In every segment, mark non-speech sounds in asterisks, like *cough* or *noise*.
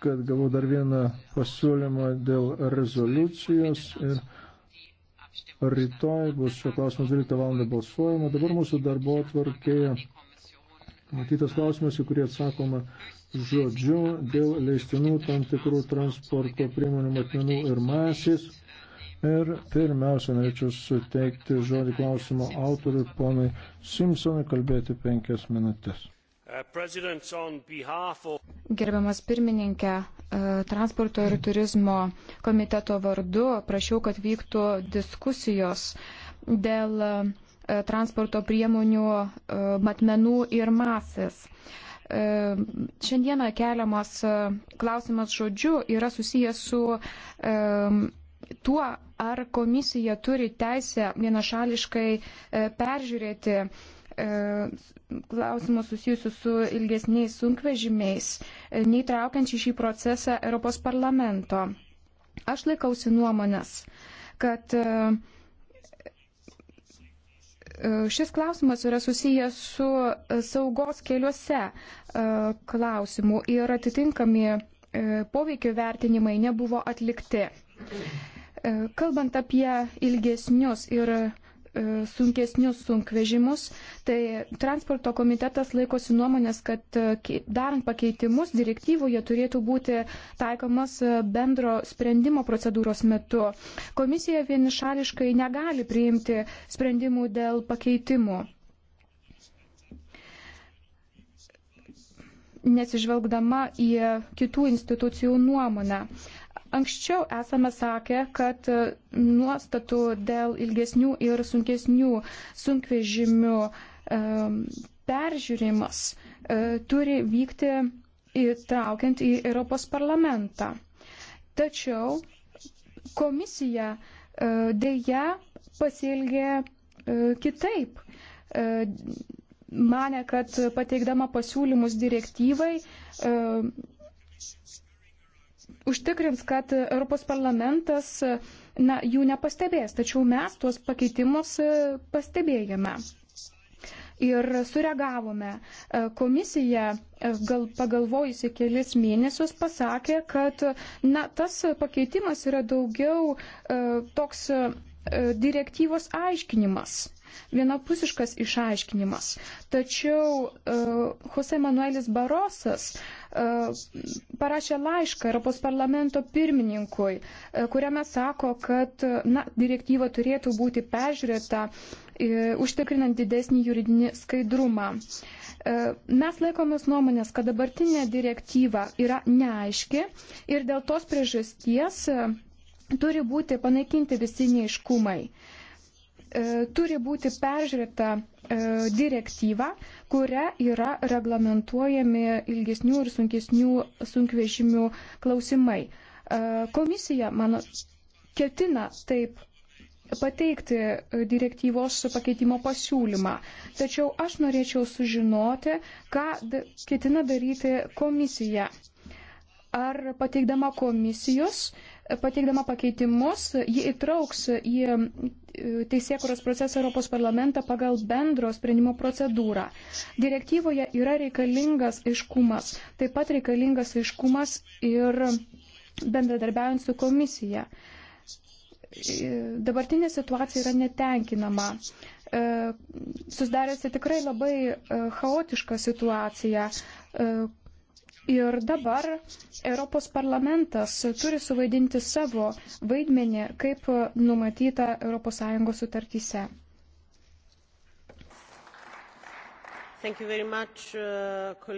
kad gavau dar vieną pasiūlymą dėl rezoliucijos ir rytoj bus šio klausimo 12 val. balsuojama. Dabar mūsų darbo atvarkėje matytas klausimas, į kurį atsakoma žodžiu dėl leistinų tam tikrų transporto priemonių matmenų ir masės. Ir pirmiausia, norėčiau suteikti žodį klausimo autoriui ponui Simpsonui kalbėti penkias minutės. Uh, Gerbiamas pirmininkė, uh, transporto ir turizmo komiteto vardu prašiau, kad vyktų diskusijos dėl uh, transporto priemonių matmenų ir masės. Šiandieną keliamas klausimas žodžiu yra susijęs su um, tuo, ar komisija turi teisę vienašališkai peržiūrėti E, klausimus susijusius su ilgesniais sunkvežimiais, e, neįtraukiant į šį procesą Europos parlamento. Aš laikausi nuomonės, kad e, šis klausimas yra susijęs su saugos keliuose klausimu ir atitinkami poveikio vertinimai nebuvo atlikti. Kalbant apie ilgesnius ir E, sunkesnius sunkvežimus, tai transporto komitetas laikosi nuomonės, kad e, darant pakeitimus direktyvoje turėtų būti taikomas e, bendro sprendimo procedūros metu. Komisija vienišališkai negali priimti sprendimų dėl pakeitimų. Nesižvelgdama į kitų institucijų nuomonę. Uh, Anksčiau esame sakę, kad e, nuostatų dėl ilgesnių ir sunkesnių sunkvežimių e, peržiūrimas e, turi vykti įtraukiant į Europos parlamentą. Tačiau komisija dėja pasielgė kitaip. Mane, kad pateikdama pasiūlymus direktyvai užtikrins, kad Europos parlamentas na, jų nepastebės, tačiau mes tuos pakeitimus e, pastebėjome. Ir sureagavome. E, komisija, e, gal pagalvojusi kelis mėnesius, pasakė, kad na, tas pakeitimas yra daugiau toks direktyvos aiškinimas vienapusiškas išaiškinimas. Tačiau uh, Jose Manuelis Barosas E, parašė laišką Europos parlamento pirmininkui, e, kuriame sako, kad na, direktyva turėtų būti peržiūrėta, e, užtikrinant didesnį juridinį skaidrumą. Mes laikomės nuomonės, kad dabartinė direktyva yra neaiški ir dėl tos priežasties turi būti panaikinti visi neiškumai. Turi būti peržiūrėta E, direktyvą, kuria yra reglamentuojami ilgesnių ir sunkesnių sunkvežimių klausimai. E, komisija, mano, ketina taip pateikti direktyvos pakeitimo pasiūlymą. Tačiau aš norėčiau sužinoti, ką ketina daryti komisija. Ar pateikdama komisijos uh, pateikdama pakeitimus, ji įtrauks į e, teisėkuros procesą Europos parlamentą pagal bendro sprendimo procedūrą. Direktyvoje yra reikalingas aiškumas, taip pat reikalingas aiškumas ir bendradarbiaujant su komisija. E, dabartinė situacija yra netenkinama e, susidarėsi tikrai labai chaotiška situacija, Ir dabar Europos parlamentas turi suvaidinti savo vaidmenį, kaip numatyta ES sutartyse. Much, uh,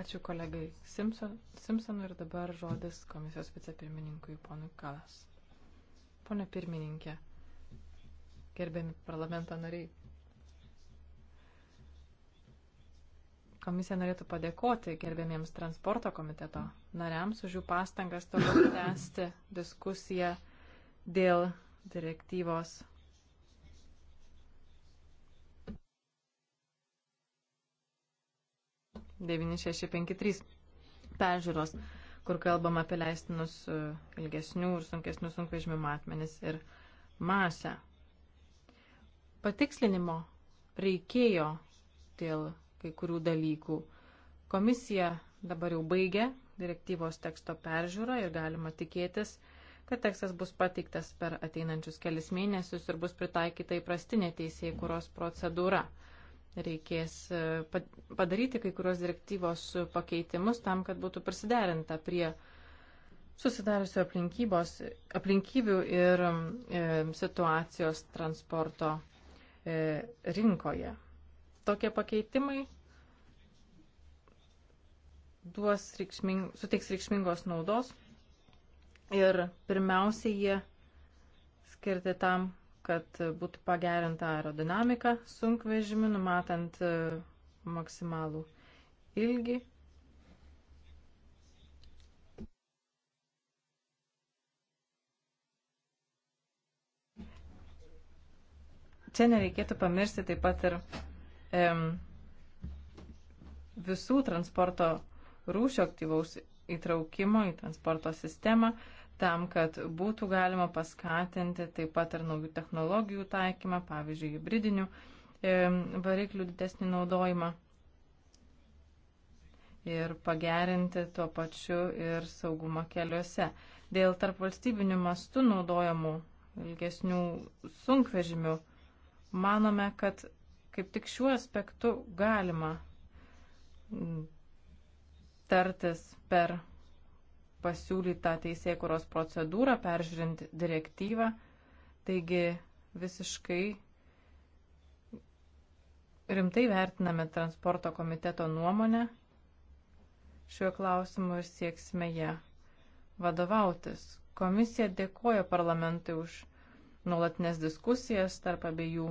Ačiū kolegai Simpson, Simpson ir dabar žodis komisijos vicepirmininkui ponui Kalas. Pone pirmininkė, gerbiami parlamento nariai. Komisija norėtų padėkoti gerbėmiems transporto komiteto nariams už jų pastangas toliau tęsti diskusiją dėl direktyvos. devyni šeši penki trys peržiūros, kur kalbam apie leistinus e, ilgesnių ir sunkesnių sunkvežimių matmenis ir masę. Patikslinimo reikėjo dėl kai kurių dalykų. Komisija dabar jau baigė direktyvos teksto peržiūrą ir galima tikėtis, kad tekstas bus pateiktas per ateinančius kelis mėnesius ir bus pritaikyta įprastinė teisėjai kuros procedūra. Reikės e, padaryti kai kurios direktyvos pakeitimus tam, kad būtų prisiderinta prie susidariusių aplinkybių ir e, situacijos transporto e, rinkoje. Tokie pakeitimai duos reikšming, suteiks reikšmingos naudos ir pirmiausia jie skirti tam, kad būtų pagerinta aerodinamika sunkvežimių, numatant e, maksimalų ilgį. Čia nereikėtų pamiršti taip pat ir visų transporto rūšio aktyvaus įtraukimo į transporto sistemą tam, kad būtų galima paskatinti taip pat ir naujų technologijų taikymą, pavyzdžiui, hybridinių variklių didesnį naudojimą ir pagerinti tuo pačiu ir saugumą keliuose. Dėl tarp valstybinių mastų naudojamų ilgesnių sunkvežimių manome, kad kaip tik šiuo aspektu galima tartis per pasiūlytą teisėkuros procedūrą, peržiūrint direktyvą. Taigi visiškai rimtai vertiname transporto komiteto nuomonę šiuo klausimu ir sieksime ją vadovautis. Komisija dėkoja parlamentui už nuolatinės diskusijas tarp abiejų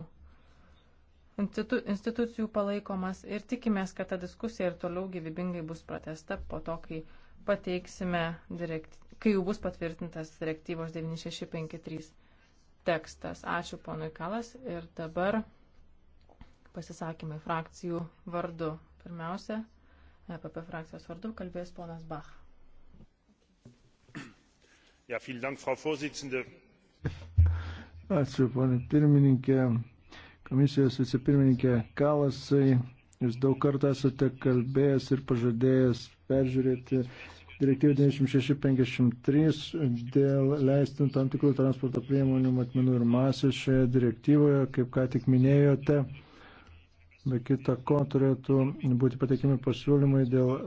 institu, institucijų palaikomas ir tikimės, kad ta diskusija ir toliau gyvybingai bus pratesta po to, kai pateiksime, direkt, kai jau bus patvirtintas direktyvos 9653 tekstas. Ačiū ponui Kalas ir dabar pasisakymai frakcijų vardu. Pirmiausia, EPP frakcijos vardu kalbės ponas Bach. Ja, Dank, Frau Ačiū, ponė pirmininkė. Komisijos vicepirmininkė Kalasai, jūs daug kartų esate kalbėjęs ir pažadėjęs peržiūrėti direktyvą 9653 dėl leistinų tam tikrų transporto priemonių matmenų ir masės šioje direktyvoje, kaip ką tik minėjote. Be kita ko turėtų būti pateikimi pasiūlymai dėl e,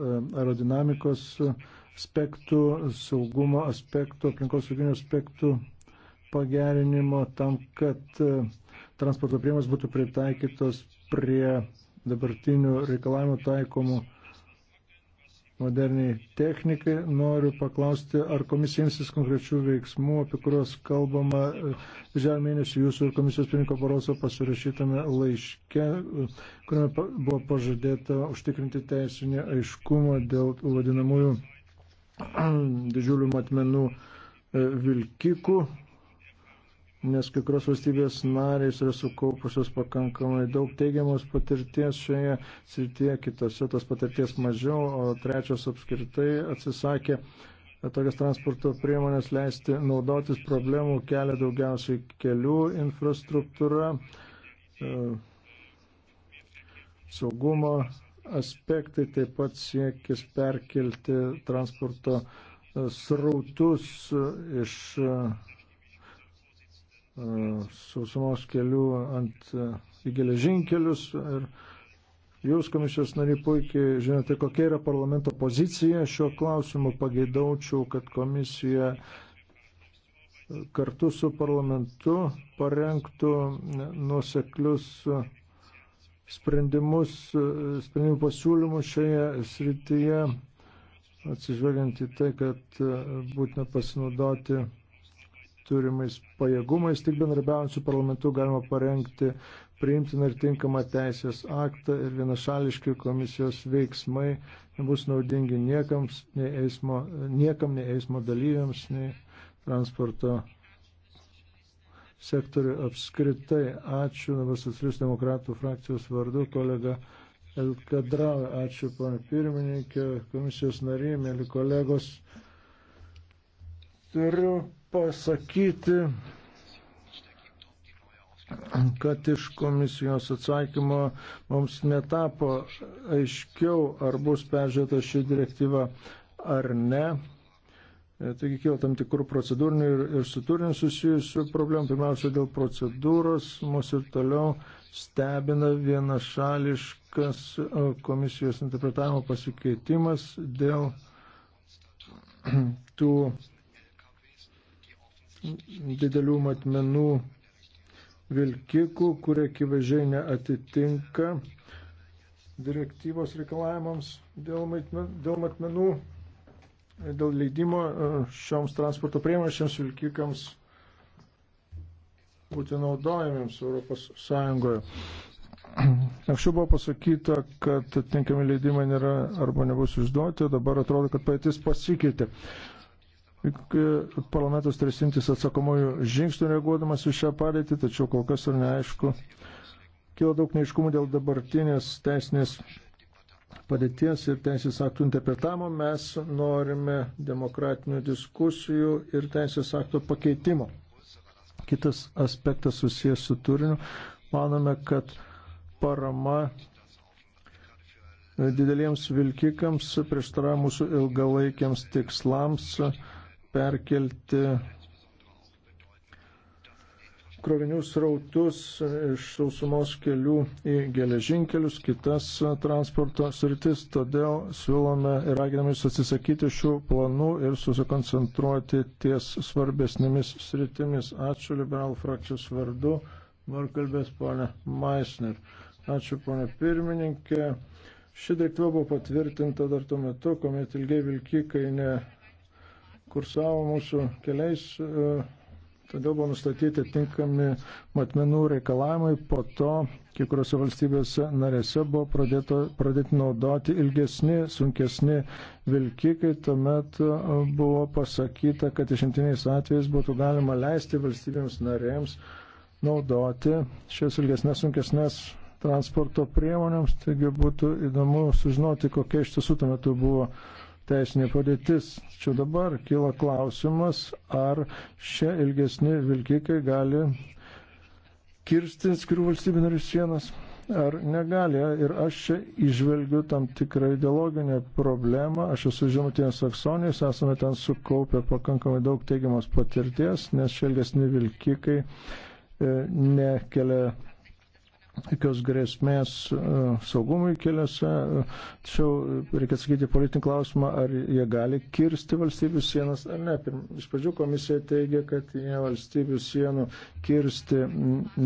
aerodinamikos aspektų, saugumo aspektų, aplinkosauginių aspektų pagerinimo tam, kad e, transporto priemonės būtų pritaikytos prie dabartinių reikalavimų taikomų moderniai technikai. Noriu paklausti, ar komisija imsis konkrečių veiksmų, apie kuriuos kalbama e, žemė mėnesį jūsų ir komisijos pirmininko Baroso pasirašytame laiške, e, kuriame buvo pažadėta užtikrinti teisinį aiškumą dėl vadinamųjų *clears throat* didžiulių matmenų e, vilkikų nes kai kurios valstybės narės yra sukaupusios pakankamai daug teigiamos patirties šioje srityje, kitose tos patirties mažiau, o trečios apskritai atsisakė tokias transporto priemonės leisti naudotis problemų kelia daugiausiai kelių infrastruktūra, e, saugumo aspektai, taip pat siekis perkelti transporto srautus iš e, E, sausumos kelių ant e, į geležinkelius. Ir jūs, komisijos nariai, puikiai žinote, kokia yra parlamento pozicija šiuo klausimu. Pageidaučiau, kad komisija kartu su parlamentu parengtų nuoseklius sprendimus, sprendimų pasiūlymus šioje srityje, atsižvelgiant į tai, kad būtina pasinaudoti turimais pajėgumais, tik bendrabiaujant su parlamentu galima parengti priimtiną ir tinkamą teisės aktą ir vienašališki komisijos veiksmai nebus naudingi niekams, nei eismo, niekam, nei eismo dalyviams, nei transporto sektoriui apskritai. Ačiū dabar socialistų demokratų frakcijos vardu, kolega Elka Drau. Ačiū, pana pirmininkė, komisijos narė, mėly kolegos. Turiu pasakyti, kad iš komisijos atsakymo mums netapo aiškiau, ar bus peržiūrėta ši direktyva ar ne. Taigi kilo tam tikrų procedūrinių ir, ir su turiniu susijusių problemų. Pirmiausia, dėl procedūros mūsų ir toliau stebina vienašališkas komisijos interpretavimo pasikeitimas dėl *clears throat* tų didelių matmenų vilkikų, kurie akivaizdžiai neatitinka direktyvos reikalavimams dėl, maitmen, dėl matmenų, dėl leidimo e, šioms transporto priemonėms vilkikams būti naudojamiems Europos Sąjungoje. *clears throat* Anksčiau buvo pasakyta, kad atitinkami leidimai nėra arba nebus išduoti, dabar atrodo, kad paėtis pasikeitė. Parlamentas turi simtis atsakomųjų žingsnių reaguodamas į šią padėtį, tačiau kol kas ir neaišku. Kilo daug neiškumų dėl dabartinės teisinės padėties ir teisės aktų interpretavimo. Mes norime demokratinių diskusijų ir teisės akto pakeitimo. Kitas aspektas susijęs su turiniu. Manome, kad parama dideliems vilkikams prieštarauja mūsų ilgalaikiams tikslams perkelti krovinių srautus iš sausumos kelių į geležinkelius, kitas transporto sritis, todėl siūlome ir raginame jūs atsisakyti šių planų ir susikoncentruoti ties svarbesnėmis sritimis. Ačiū liberalų frakcijos vardu, var kalbės ponė Maisner. Ačiū ponė pirmininkė. Ši direktyva buvo patvirtinta dar tuo metu, kuomet ilgiai vilkikai ne kursavo mūsų keliais, e, todėl buvo nustatyti tinkami matmenų reikalavimai, po to kai kuriuose valstybėse narėse buvo pradėto, pradėti naudoti ilgesni, sunkesni vilkikai, tuomet e, buvo pasakyta, kad išimtiniais atvejais būtų galima leisti valstybėms narėms naudoti šias ilgesnės, sunkesnės transporto priemonėms, taigi būtų įdomu sužinoti, kokia iš tiesų tuo metu buvo teisinė padėtis. Čia dabar kyla klausimas, ar šie ilgesni vilkikai gali kirsti skirų valstybių narių sienas, ar negali. Ir aš čia išvelgiu tam tikrą ideologinę problemą. Aš esu žemutinės Saksonijos, esame ten sukaupę pakankamai daug teigiamos patirties, nes šie ilgesni vilkikai e, nekelia jokios grėsmės e, saugumui keliuose, tačiau reikia atsakyti politinį klausimą, ar jie gali kirsti valstybių sienas ar ne. Iš pradžių komisija teigia, kad jie valstybių sienų kirsti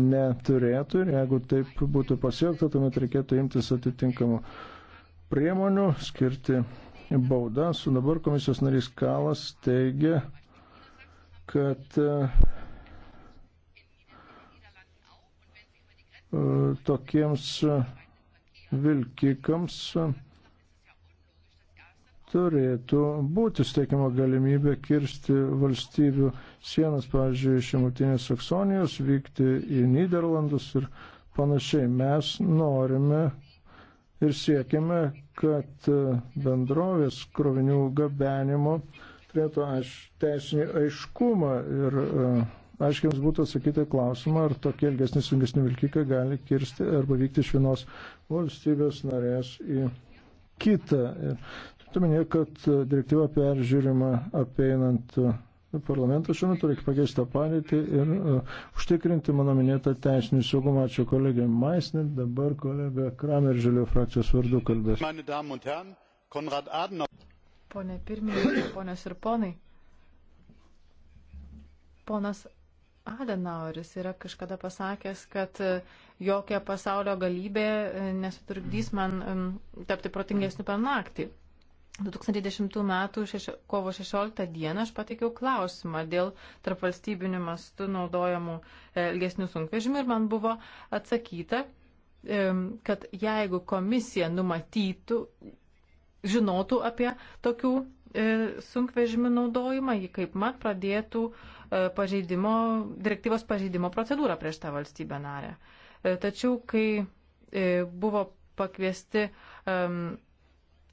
neturėtų ir jeigu taip būtų pasiekta, tuomet reikėtų imtis atitinkamų priemonių, skirti baudas. Dabar komisijos narys Kalas teigia, kad e, E, tokiems e, vilkikams e, turėtų būti steikiama galimybė kirsti valstybių sienas, pavyzdžiui, iš Jungtinės Saksonijos, vykti į Niderlandus ir panašiai. Mes norime ir siekiame, kad bendrovės krovinių gabenimo turėtų aiš, teisinį aiškumą ir uh, aiškiai jums būtų atsakyti klausimą, ar tokie ilgesni sungesni vilkikai gali kirsti arba vykti iš vienos valstybės narės į kitą. Tu minėjai, kad direktyva peržiūrima apeinant parlamentą šiuo metu, reikia pakeisti tą padėtį ir uh, užtikrinti mano minėtą teisinį saugumą. Ačiū kolegai Maisnė, dabar kolega Kramer Žalio frakcijos vardu kalbės. Pone pirmininkai, ponios ir ponai, ponas Adenaueris yra kažkada pasakęs, kad e, jokia pasaulio galybė e, nesutrukdys man tapti protingesniu per naktį. 2010 m. Šeši, kovo 16 d. aš pateikiau klausimą dėl tarpvalstybinių mastų naudojamų e, ilgesnių sunkvežimių ir man buvo atsakyta, kad jeigu komisija numatytų, žinotų apie tokių sunkvežimių naudojimą, ji kaip mat pradėtų uh, E, pažeidimo, direktyvos pažeidimo procedūrą prieš tą valstybę narę. E, tačiau, kai e, buvo pakviesti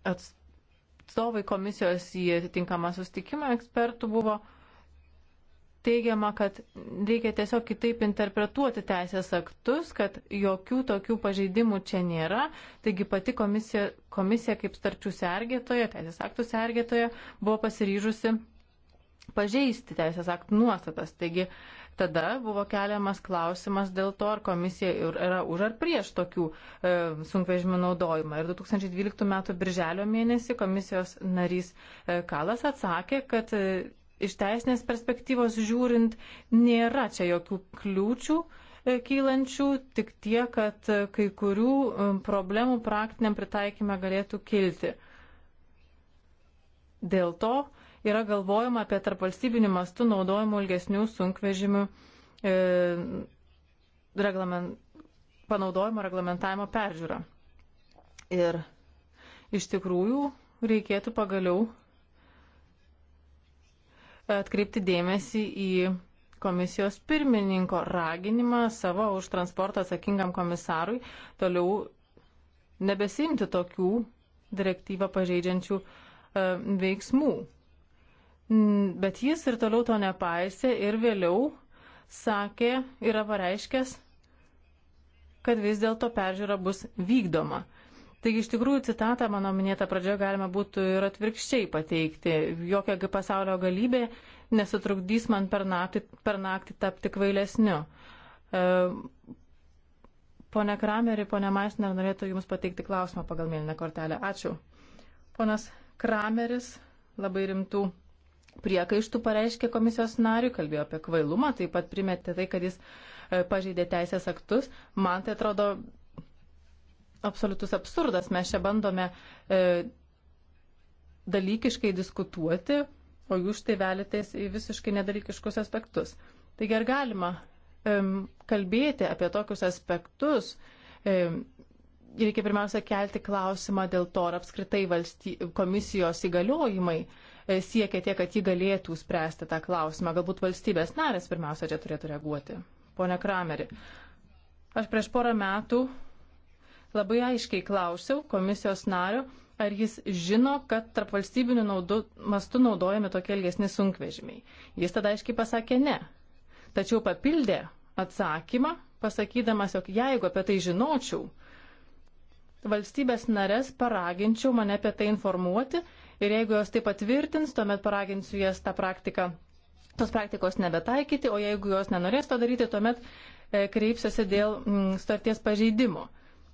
atstovai komisijos į atitinkamą sustikimą ekspertų, buvo teigiama, kad reikia tiesiog kitaip interpretuoti teisės aktus, kad jokių tokių pažeidimų čia nėra. Taigi pati komisija, komisija kaip starčių sergėtoja, teisės aktų sergėtoja, buvo pasiryžusi pažeisti teisės aktų nuostatas. Taigi tada buvo keliamas klausimas dėl to, ar komisija yra už ar prieš tokių e, sunkvežimių naudojimą. Ir 2012 m. birželio mėnesį komisijos narys e, Kalas atsakė, kad e, iš teisinės perspektyvos žiūrint nėra čia jokių kliūčių e, kylančių, tik tie, kad e, kai kurių e, problemų praktiniam pritaikymę galėtų kilti. Dėl to yra galvojama apie tarpvalstybinių mastų naudojimų ilgesnių sunkvežimių e, reglament, panaudojimo reglamentavimo peržiūrą. Ir iš tikrųjų reikėtų pagaliau atkreipti dėmesį į komisijos pirmininko raginimą savo už transportą atsakingam komisarui toliau nebesimti tokių direktyvą pažeidžiančių e, veiksmų. Mm, bet jis ir toliau to nepaisė ir vėliau sakė, yra pareiškęs, kad vis dėlto peržiūra bus vykdoma. Taigi iš tikrųjų citatą mano minėtą pradžioje galima būtų ir atvirkščiai pateikti. Jokia pasaulio galybė nesutrukdys man per naktį, per naktį tapti kvailesniu. E, pone Krameri, pone Maisner, norėtų Jums pateikti klausimą pagal mėlyną kortelę. Ačiū. Ponas Krameris labai rimtų priekaištų pareiškė komisijos nariui, kalbėjo apie kvailumą, taip pat primetė tai, kad jis e, pažeidė teisės aktus. Man tai atrodo absoliutus absurdas. Mes čia bandome e, dalykiškai diskutuoti, o jūs tai velitės į visiškai nedalykiškus aspektus. Taigi ar galima e, kalbėti apie tokius aspektus? E, reikia pirmiausia kelti klausimą dėl to, ar apskritai valsty, komisijos įgaliojimai E, siekėte, kad ji galėtų spręsti tą klausimą? Galbūt valstybės narės pirmiausia čia turėtų reaguoti. Pone Krameri, aš prieš porą metų labai aiškiai klausiau komisijos nario, ar jis žino, kad tarp valstybinių naudu, mastų naudojami tokie ilgesni sunkvežimiai. Jis tada aiškiai pasakė ne. Tačiau papildė atsakymą, pasakydamas, jog jeigu apie tai žinočiau, valstybės narės paraginčiau mane apie tai informuoti ir jeigu jos tai patvirtins, tuomet paraginsiu jas tą praktiką, tos praktikos nebetaikyti, o jeigu jos nenorės to daryti, tuomet e, kreipsiuosi dėl mm, starties pažeidimo.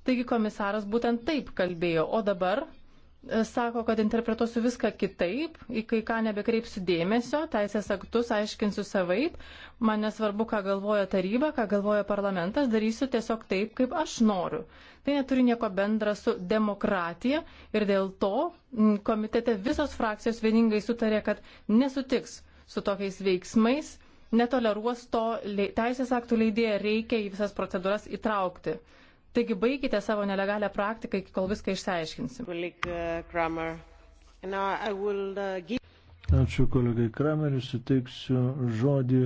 Taigi komisaras būtent taip kalbėjo, o dabar sako, kad interpretuosiu viską kitaip, į kai ką nebekreipsiu dėmesio, teisės aktus aiškinsiu savaip, man nesvarbu, ką galvoja taryba, ką galvoja parlamentas, darysiu tiesiog taip, kaip aš noriu. Tai neturi nieko bendra su demokratija ir dėl to mm, komitete visos frakcijos vieningai sutarė, kad nesutiks su tokiais veiksmais, netoleruos to, teisės aktų leidėją reikia į visas procedūras įtraukti. Taigi baigite savo nelegalę praktiką, kol viską išsiaiškinsim. Uh, uh, Ačiū kolegai Krameriu, suteiksiu žodį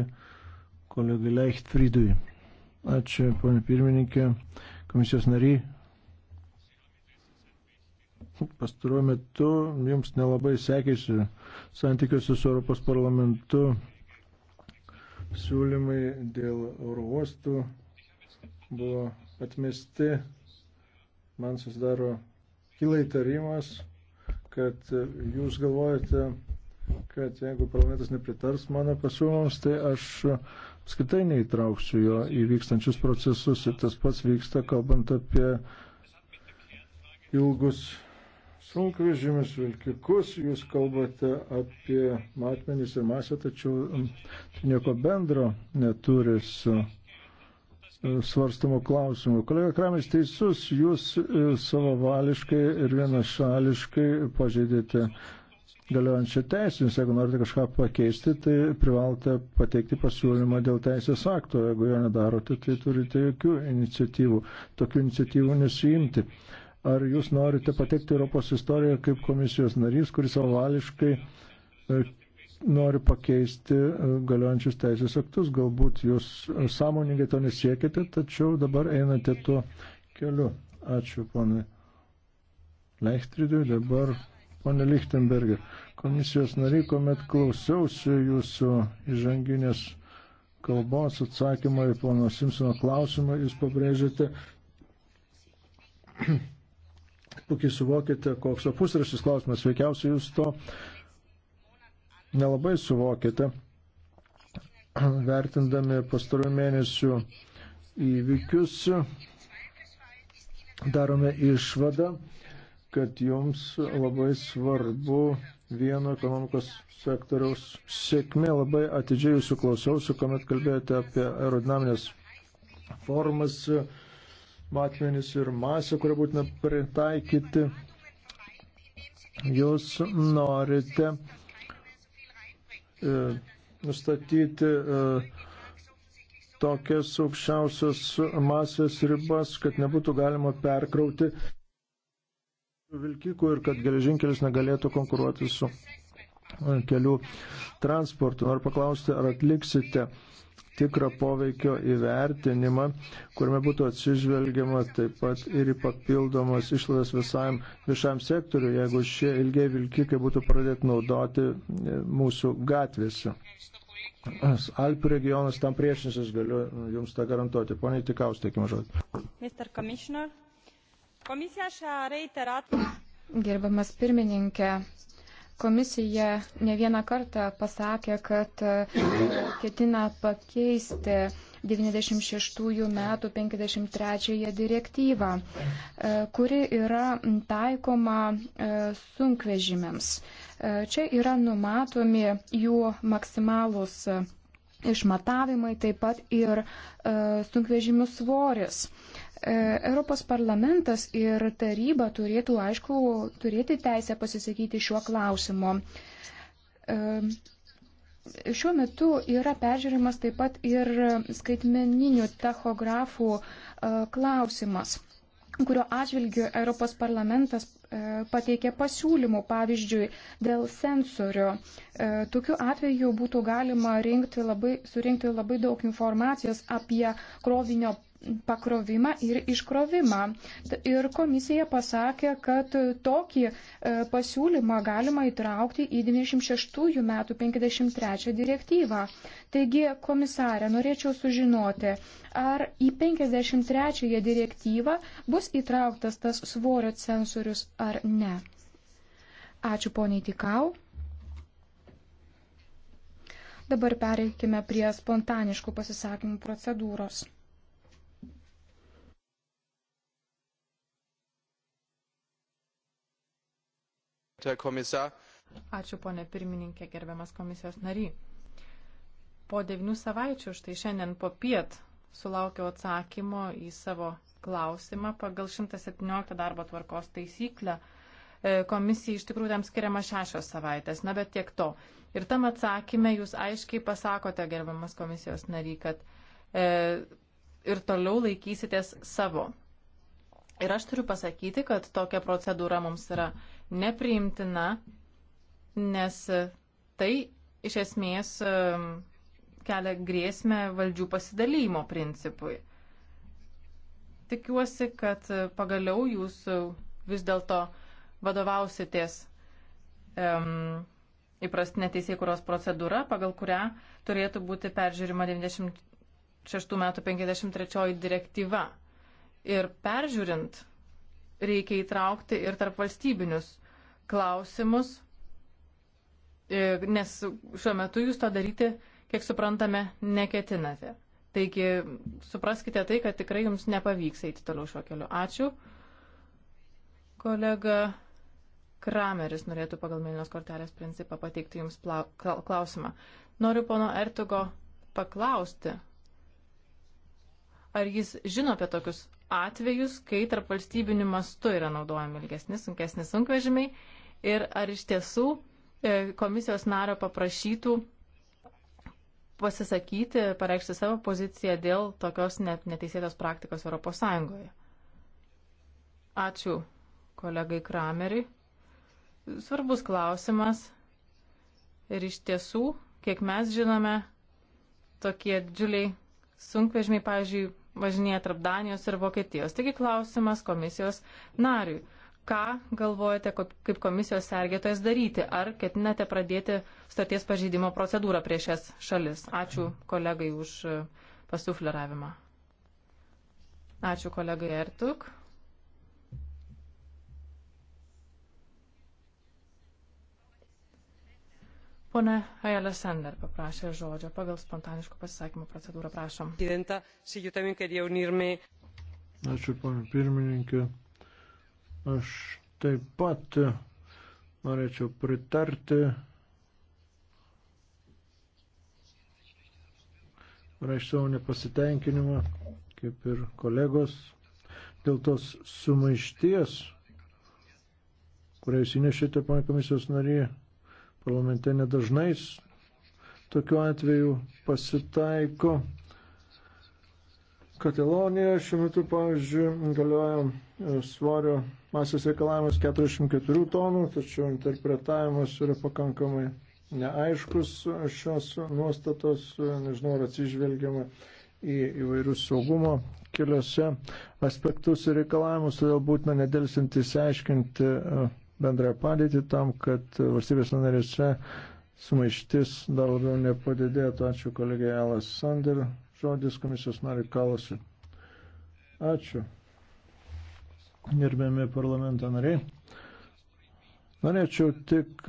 kolegai Leichtfriedui. Ačiū, ponė pirmininkė, komisijos nariai. Pastaruoju metu jums nelabai sekėsi santykiuose su Europos parlamentu siūlymai dėl oro uostų buvo atmesti, man susidaro kyla įtarimas, kad jūs galvojate, kad jeigu parlamentas nepritars mano pasiūlymams, tai aš apskritai neįtrauksiu jo į vykstančius procesus ir tas pats vyksta, kalbant apie ilgus sunkvežimius, vilkikus, jūs kalbate apie matmenys ir masę, tačiau tai nieko bendro neturi su svarstamų klausimų. Kolega Kramis teisus, jūs e, savavališkai ir vienašališkai pažeidėte galiojančią teisės. Jeigu norite kažką pakeisti, tai privalote pateikti pasiūlymą dėl teisės akto. Jeigu jo nedarote, tai turite jokių iniciatyvų, tokių iniciatyvų nesijimti. Ar jūs norite patekti Europos istoriją kaip komisijos narys, kuris savališkai e, nori pakeisti e, galiojančius teisės aktus. Galbūt jūs e, sąmoningai to nesiekite, tačiau dabar einate tuo keliu. Ačiū, ponai Leichtridui. Dabar, ponė Lichtenberger, komisijos nariai, kuomet klausiausi jūsų įžanginės kalbos atsakymą į pono Simpsono klausimą, jūs pabrėžėte *clears throat* puikiai suvokite, koks opus yra šis klausimas. Veikiausiai jūs to nelabai suvokite, vertindami pastarų mėnesių įvykius, darome išvadą, kad jums labai svarbu vieno ekonomikos sektoriaus sėkmė. Labai atidžiai jūsų klausiausi, kuomet kalbėjote apie aerodinaminės formas, matmenis ir masę, kurią būtina pritaikyti. Jūs norite E, nustatyti e, tokias aukščiausias masės ribas, kad nebūtų galima perkrauti vilkikų ir kad geležinkelis negalėtų konkuruoti su e, kelių transportu. Ar paklausti, ar atliksite tikrą poveikio įvertinimą, kuriame būtų atsižvelgiama taip pat ir į papildomas išlaidas visam viešam sektoriu, jeigu šie ilgiai vilkikai būtų pradėti naudoti e, mūsų gatvėse. Alpių regionas tam priešinsis, galiu e, Jums tą garantuoti. Pone Tikaus, teikime žodį. Mr. Commissioner, komisija šią reiterat. Gerbamas pirmininkė, Komisija ne vieną kartą pasakė, kad e, ketina pakeisti 96 metų 53 direktyvą, e, kuri yra taikoma e, sunkvežimiams. Čia yra numatomi jų maksimalus išmatavimai, taip pat ir sunkvežimių svoris. E, Europos parlamentas ir taryba turėtų, aišku, turėti teisę pasisakyti šiuo klausimu. E, šiuo metu yra peržiūrimas taip pat ir skaitmeninių tachografų e, klausimas kurio atžvilgiu Europos parlamentas pateikė pasiūlymų, pavyzdžiui, dėl sensorių. Tokiu atveju būtų galima rinkti labai, surinkti labai daug informacijos apie krovinio pakrovimą ir iškrovimą. Ir komisija pasakė, kad tokį e, pasiūlymą galima įtraukti į 96 metų 53 direktyvą. Taigi, komisarė, norėčiau sužinoti, ar į 53 direktyvą bus įtrauktas tas svorio censorius ar ne. Ačiū poniai Tikau. Dabar pereikime prie spontaniškų pasisakymų procedūros. Herr Kommissar. Ačiū, ponė pirmininkė, gerbiamas komisijos nary. Po devinių savaičių, štai šiandien po piet, sulaukiau atsakymo į savo klausimą pagal 117 darbo tvarkos taisyklę. E, Komisija iš tikrųjų tam skiriama šešios savaitės, na bet tiek to. Ir tam atsakymė jūs aiškiai pasakote, gerbiamas komisijos nary, kad e, ir toliau laikysitės savo Ir aš turiu pasakyti, kad tokia procedūra mums yra nepriimtina, nes tai iš esmės um, kelia grėsmę valdžių pasidalymo principui. Tikiuosi, kad uh, pagaliau jūs uh, vis dėlto vadovausitės um, įprastinė teisėkuros procedūra, pagal kurią turėtų būti peržiūrima 96 metų 53 direktyva Ir peržiūrint, reikia įtraukti ir tarp valstybinius klausimus, e, nes šiuo metu jūs to daryti, kiek suprantame, neketinate. Taigi supraskite tai, kad tikrai jums nepavyks eiti toliau šiuo keliu. Ačiū. Kolega Krameris norėtų pagal Milinos kortelės principą pateikti jums klausimą. Noriu pono Ertugo paklausti, ar jis žino apie tokius atvejus, kai tarp valstybinių mastų yra naudojami ilgesni, sunkesni sunkvežimiai ir ar iš tiesų e, komisijos nario paprašytų pasisakyti, pareikšti savo poziciją dėl tokios net neteisėtos praktikos ES. Ačiū kolegai Krameriui. Svarbus klausimas. Ir iš tiesų, kiek mes žinome, tokie didžiuliai sunkvežimiai, pavyzdžiui, važinėja tarp Danijos ir Vokietijos. Taigi klausimas komisijos nariui. Ką galvojate kaip komisijos sergėtojas daryti? Ar ketinate pradėti stoties pažydimo procedūrą prieš šias šalis? Ačiū kolegai už e, pasufleravimą. Ačiū kolegai Ertuk. Pone Ajala Sender paprašė žodžio pagal spontaniškų pasisakymų procedūrą, prašom. Ačiū, ponė pirmininkė. Aš taip pat norėčiau pritarti rašau nepasitenkinimą, kaip ir kolegos, dėl tos sumaišties, kurią jūs įnešėte, pana komisijos narė, Parlamente nedažnai tokiu atveju pasitaiko. Katalonijoje šiuo metu, pavyzdžiui, galioja e, svorio masės reikalavimas 44 tonų, tačiau interpretavimas yra pakankamai neaiškus šios nuostatos, nežinau, ar atsižvelgiama į įvairius saugumo keliuose aspektus ir reikalavimus, todėl būtina nedėlsinti įsiaiškinti e, bendrąją padėtį tam, kad valstybės narėse sumaištis dar labiau nepadidėtų. Ačiū kolegai Alas Sander, žodis komisijos nariai Kalasi. Ačiū. Gerbėmi parlamento nariai. Norėčiau tik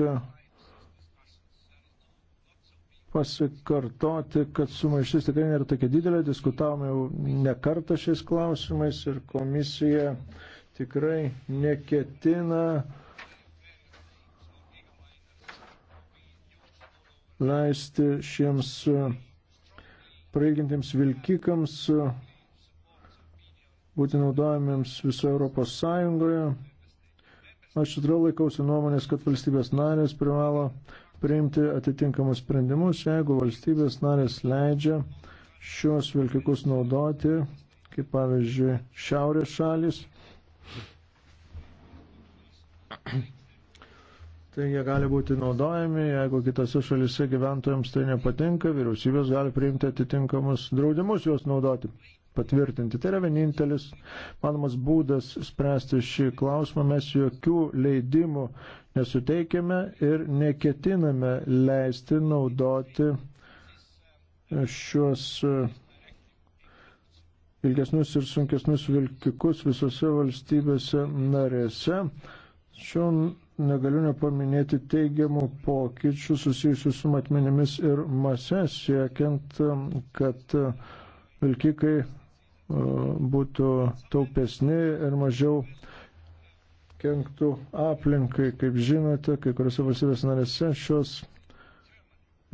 pasikartoti, kad sumaištis tikrai nėra tokia didelė, diskutavome jau ne kartą šiais klausimais ir komisija tikrai neketina uh, leisti šiems e, prailgintiems vilkikams e, būti naudojamiems visoje Europos Sąjungoje. Aš todėl laikausi nuomonės, kad valstybės narės privalo priimti atitinkamus sprendimus, jeigu valstybės narės leidžia šios vilkikus naudoti, kaip pavyzdžiui, šiaurės šalis, tai jie gali būti naudojami, jeigu kitose šalise gyventojams tai nepatinka, vyriausybės gali priimti atitinkamus draudimus juos naudoti, patvirtinti. Tai yra vienintelis manomas būdas spręsti šį klausimą. Mes jokių leidimų nesuteikėme ir neketiname leisti naudoti šios e, ilgesnius ir sunkesnius vilkikus visose valstybėse narėse. Šiuo negaliu nepaminėti teigiamų pokyčių susijusių su matmenimis ir mase, siekiant, um, kad uh, vilkikai uh, būtų taupesni ir mažiau kenktų aplinkai. Kaip žinote, kai kuriuose valstybės narėse šios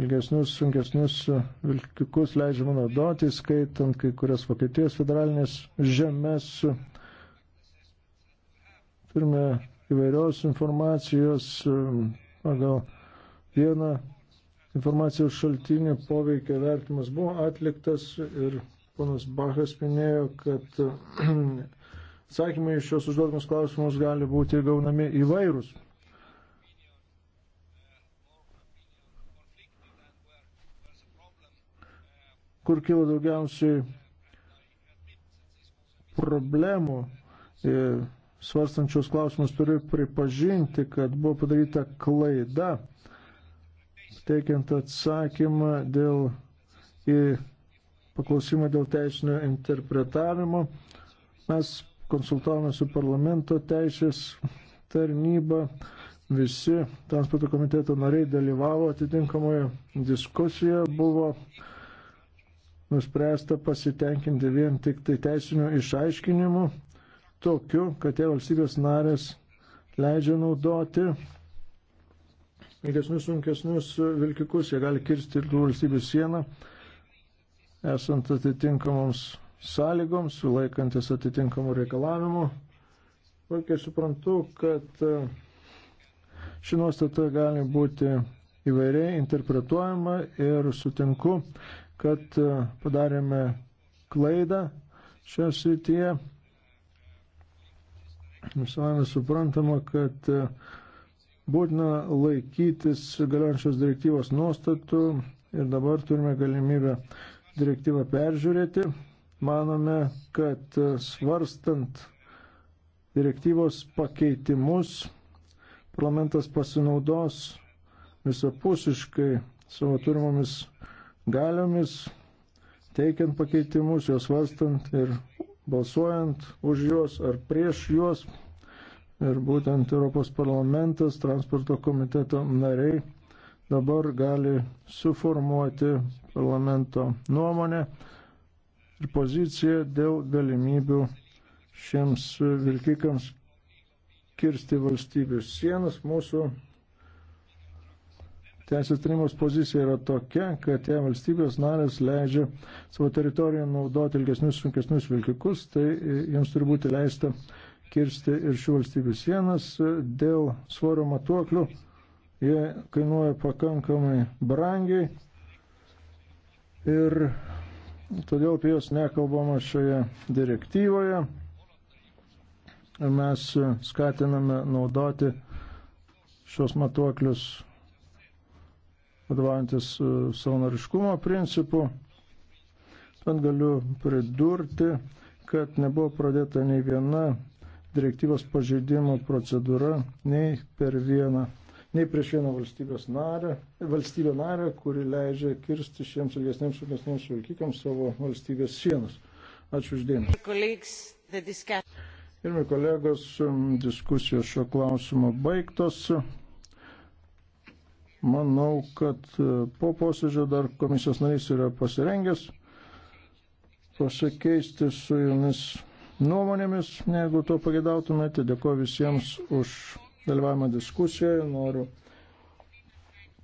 ilgesnius, sunkesnius uh, vilkikus leidžiama naudoti, skaitant kai kurias Vokietijos federalinės žemės. Turime įvairios informacijos um, pagal vieną informacijos šaltinį poveikio vertimas buvo atliktas ir ponas Bachas minėjo, kad *clears throat* atsakymai iš šios užduodamus klausimus gali būti gaunami įvairūs. Kur kilo daugiausiai problemų ir e, svarstančius klausimus turiu pripažinti, kad buvo padaryta klaida, teikiant atsakymą dėl į paklausimą dėl teisinio interpretavimo. Mes konsultavome su parlamento teisės tarnyba, visi transporto komiteto nariai dalyvavo atitinkamoje diskusijoje, buvo nuspręsta pasitenkinti vien tik tai teisiniu išaiškinimu tokiu, kad tie valstybės narės leidžia naudoti ilgesnius, sunkesnius vilkikus, jie gali kirsti ir tų valstybių sieną, esant atitinkamoms sąlygoms, laikantis atitinkamų reikalavimų. Puikiai suprantu, kad e, ši nuostata gali būti įvairiai interpretuojama ir sutinku, kad e, padarėme klaidą šią srityje. Savame suprantama, kad e, būtina laikytis galiojančios direktyvos nuostatų ir dabar turime galimybę direktyvą peržiūrėti. Manome, kad e, svarstant direktyvos pakeitimus parlamentas pasinaudos visapusiškai savo turimomis galiomis, teikiant pakeitimus, juos varstant ir balsuojant už juos ar prieš juos. Ir būtent Europos parlamentas, transporto komiteto nariai dabar gali suformuoti parlamento nuomonę ir poziciją dėl galimybių šiems vilkikams kirsti valstybės sienas. Mūsų teisės tarnybos pozicija yra tokia, kad tie valstybės narės leidžia savo teritoriją naudoti ilgesnius, sunkesnius vilkikus, tai jiems turi būti leista kirsti ir šių valstybių sienas dėl svorio matuoklių. Jie kainuoja pakankamai brangiai ir todėl apie juos nekalbama šioje direktyvoje. Mes skatiname naudoti šios matuoklius vadovaujantis e, savanoriškumo principu. Ten galiu pridurti, kad nebuvo pradėta nei viena direktyvos pažeidimo procedūra nei per vieną, nei prieš vieną valstybės narę, valstybę narę, kuri leidžia kirsti šiems ilgesniems ilgesniems vilkikams savo valstybės sienas. Ačiū uždėmesi. Irmi kolegos, diskusijos šio klausimo baigtos. Manau, kad e, po posėdžio dar komisijos narys yra pasirengęs pasikeisti su jumis nuomonėmis, jeigu to pagėdautumėte. Dėkuoju visiems už dalyvavimą diskusijoje. Noriu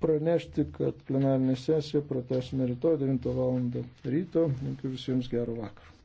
pranešti, kad plenarinė sesija pratęsime rytoj 9 val. ryto. Linkiu visiems gerų vakarų.